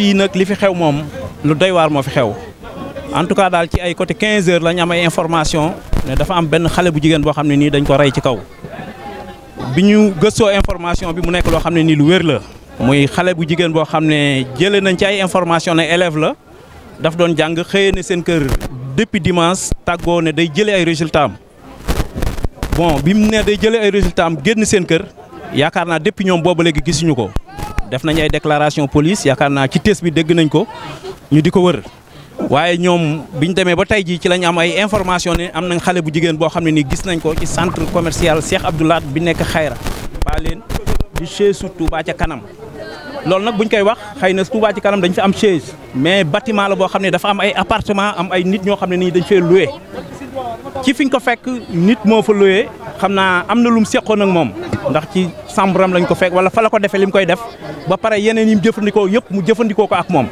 fii nag li fi xew moom lu doy moo fi xew en tout cas daal ci ay côté 15 heures lañ am ay information ne dafa am benn xale bu jigéen boo xam ne nii dañ ko rey ci kaw bi ñu gëstoo information bi mu nekk loo xam ne nii lu wér la muy xale bu jigéen boo xam ne jële nañ ci ay information ne élève la daf doon jàng xëyee ne seen kër depuis dimanche tàggoo ne day jëlee ay résultat bon bi mu ne day jële ay résultat génn seen kër yaakaar naa depuis ñoom booba léegi gisuñu ko def nañ ay déclaration police yaakaar naa ci test bi dégg nañ ko ñu di ko wër waaye ñoom bi ñu demee ba tey jii ci lañ am ay information ne am nañ xale bu jigéen boo xam ne nii gis nañ ko ci centre commercial Cheikh Abdou Lahad bi nekk Xayra baa leen di chaise su Touba ca kanam loolu nag buñ koy wax xëy na Touba ci kanam dañ fi am chaise mais bâtiment la boo xam ne dafa am ay appartement am ay nit ñoo xam ne nii dañ fee loué ci fiñ ko fekk nit moo fa loué xam naa am na lum seqoon ak moom ndax ci sàmbaram lañ ko fekk wala fa la ko defee li koy def ba pare yeneen yi mu jëfandikoo yëpp mu jëfandikoo ko ak moom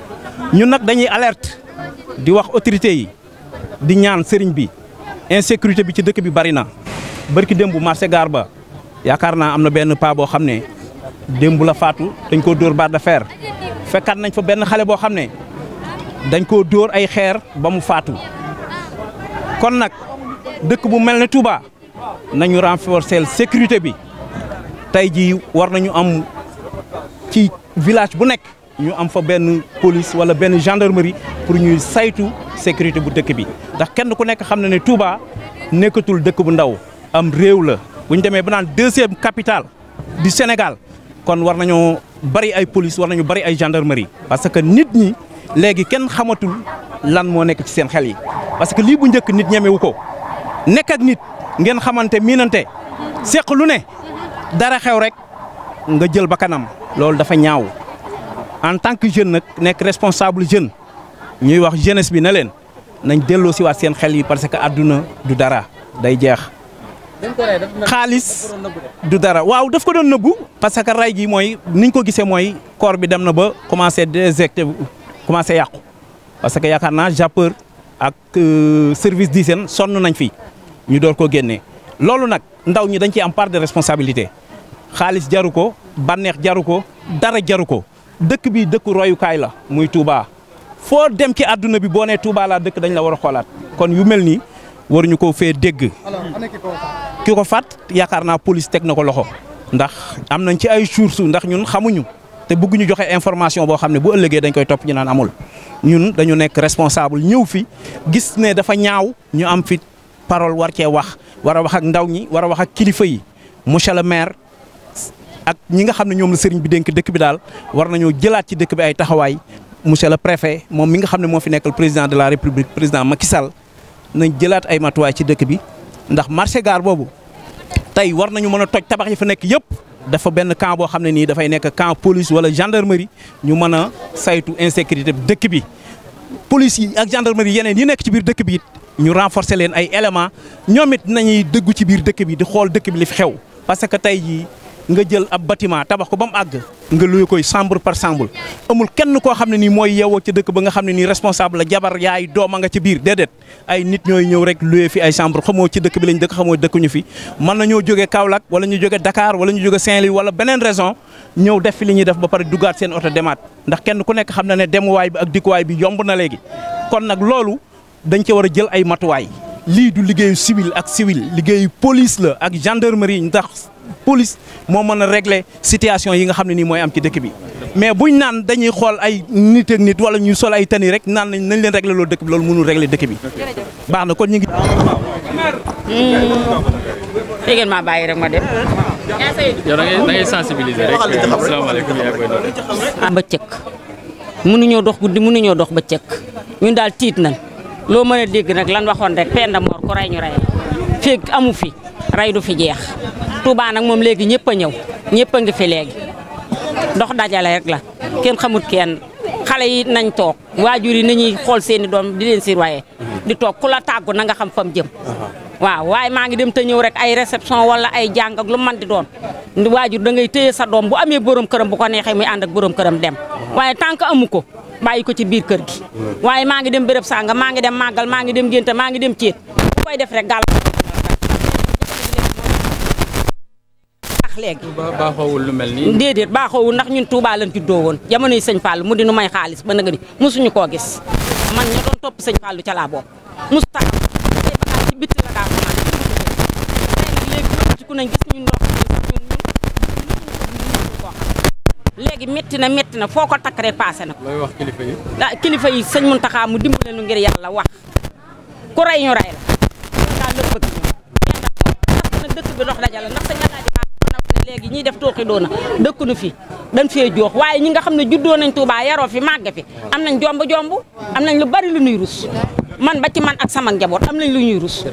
ñun nag dañuy alerte di wax autorité yi di ñaan sëriñ bi insécurité bi ci dëkk bi bari na dem bu marché gaar ba yaakaar naa am na benn paa boo xam ne démb la faatu dañ koo dóor barre de fer fekkaat nañ fa benn xale boo xam ne dañ koo dóor ay xeer ba mu faatu kon nag dëkk bu mel ne Touba nañu renforcer sécurité bi tey jii war nañu am ci village bu nekk ñu am fa benn police wala benn gendarmerie pour ñuy saytu sécurité bu dëkk bi ndax kenn ku nekk xam na ne Touba nekkatul dëkk bu ndaw am réew la demee ba naan deuxième capitale di Sénégal kon war nañoo bari ay police war nañu bari ay gendarmerie parce que nit ñi léegi kenn xamatul lan moo nekk ci seen xel yi parce que lii bu njëkk nit ñemewu ko nekk nit ngeen xamante miinante seq lu ne dara xew rek nga jël ba kanam loolu dafa ñaaw en tant que jeune nag nekk responsable jeune ñuy wax jeunesse bi na leen nañ delloo si waat seen xel yi parce que adduna du dara day jeex. xaalis du dara waaw daf ko doon nëbbu. parce que ray gi mooy niñ ko gisee mooy corps bi dem na ba commencé désecté commencé yàqu parce que yaakaar naa jàppeur ak euh, service d'hygiène sonn nañ fi. ñu door ko génnee loolu nag ndaw ñi dañ ci am part de responsabilité xaalis jaru ko bànneex jaru ko dara jaru ko dëkk bi dëkk royukaay la muy Touba foo dem ci adduna bi boo nee Touba laa dëkk dañu la war a xoolaat kon yu mel nii waruñu ko fee dégg ki ko fàtt yaakaar naa police teg na ko loxo ndax am nañ ci ay sources ndax ñun xamuñu te ñu joxe information boo xam ne bu ëllëgee dañ koy topp ñu naan amul ñun dañu nekk responsable ñëw fi gis ne dafa ñaaw ñu am fit parole war cee wax war a wax ak ndaw ñi war a wax ak kilifa yi monsieur le maire ak ñi nga xam ne ñoom la sëriñ bi denk dëkk bi daal war nañoo jëlaat ci dëkk bi ay taxawaay monsieur le préfet moom mi nga xam ne moo fi nekkal président de la république président Macky Sall nañ jëlaat ay matuwaay ci dëkk bi ndax marché gaar boobu tey war nañu mën a toj tabax yi fa nekk yëpp dafa benn camp boo xam ne nii dafay nekk camp police wala gendarmerie ñu mën a saytu insécurité bi dëkk bi. police yi ak gendarmerie yeneen yu nekk ci biir dëkk bi ñu renforcer leen ay éléments ñoomit nañuy dëggu ci biir dëkk bi di xool dëkk bi li fi xew parce que tey jii nga jël ab bâtiment tabax ko ba mu àgg nga luy koy chambre par chambre amul kenn koo xam ne nii mooy yeewoo ci dëkk ba nga xam ne nii responsable la jabar yaay doom nga ci biir déedéet ay nit ñooy ñëw rek luye fi ay chambre xamoo ci dëkk bi lañ dëkk xamoo dëkkuñu fi mën na ñoo jógee Kaolack wala ñu jógee dakaar wala ñu jógee Saint-Louis wala beneen raison ñëw def fi li ñuy def ba pare dugaat seen oto demaat ndax kenn ku nekk xam na ne demuwaay bi ak dikkuwaay bi yomb na léegi kon nag loolu dañ ci war a jël ay matuwaay lii du liggéeyu civil ak civil liggéeyu police la ak gendarmerie ndax polis moo mën na regle situation yi nga xam ne nii mooy am ci dëkk bi mais bu ñu naan dañuy xool ay nit ak nit wala ñu sol ay tani rek naan nañ nañ leen régler loolu dëkk bi loolu mënul régler dëkk bi baax na kon ñu ngi léegi bàyyi rek ma dem. yow da ngay da ngay sensibiliser rek. asalaamaaleykum yaa koy doon. dox guddi mënuñoo dox bëccëg ñun daal tiit nañ loo mën a dégg nag lan waxoon rek peenda moor ko rey ñu rey feeg amu fi. rey du fi jeex Touba nag moom léegi ñëpp a ñëw ñëpp a ngi fi léegi dox dajale rek la kenn xamut kenn xale yi nañ toog waajur yi nañuy xool seen i doom di leen waaye di toog ku la tàggu na nga xam fam jëm waaw waaye maa ngi dem te ñëw rek ay réception wala ay jàng lu man di doon waajur da ngay téye sa doom bu amee borom këram bu ko neexee muy ànd ak borom këram dem waaye tant que amu ko bàyyi ko ci biir kër gi waaye maa ngi dem bërëb sànga maa ngi dem màggal maa ngi dem génte maa ngi dem céet koy def rek gàll léegi. Touba lu mel nii. déedéet baaxoowul ndax ñun Touba woon jamonoy sëñ Fall mu di nu ba nag ni mosuñu koo gis man ñu ku nañ gis na metti na foo ko takk rek paase na ko. kilifa yi. ah kilifa yi sëñ Mountakha mu dimbale nu ngir yàlla wax ku rey ñu rey la. loolu daal la bëgg ñoom. ndax dëkk bi dox dajala ndax sëñ léegi ñiy def tooxi doona dëkkunu fi dañ fee joox waaye ñi nga xam ne juddoo nañ Touba yaroo fi màgg fi am nañ jomb jombu am nañ lu bari lu ñuy rus man ba ci man ak sama njaboot am nañ lu ñuy rus